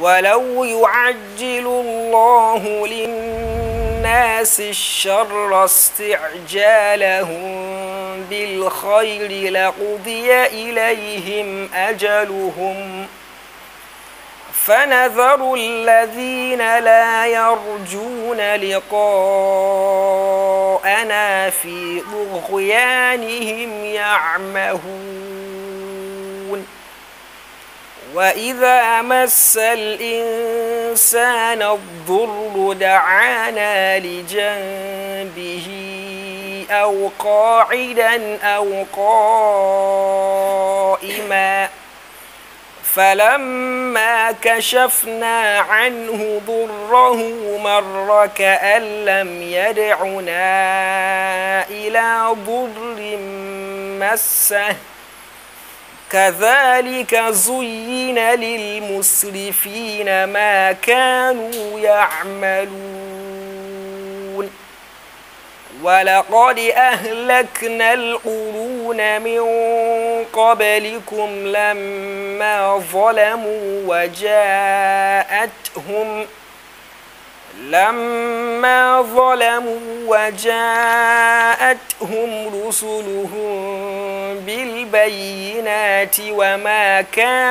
ولو يعجل الله للناس الشر استعجالهم بالخير لقضي إليهم أجلهم فنذر الذين لا يرجون لقاءنا في طغيانهم يعمهون وإذا مس الإنسان الضر دعانا لجنبه أو قاعدا أو قائما فلما كشفنا عنه ضره مر كأن لم يدعنا إلى ضر مسه كذلك زين للمسرفين ما كانوا يعملون ولقد أهلكنا القرون من قبلكم لما ظلموا وجاءتهم أهلكنا لما ظلموا وجاءتهم رسلهم بالبينات وما كانوا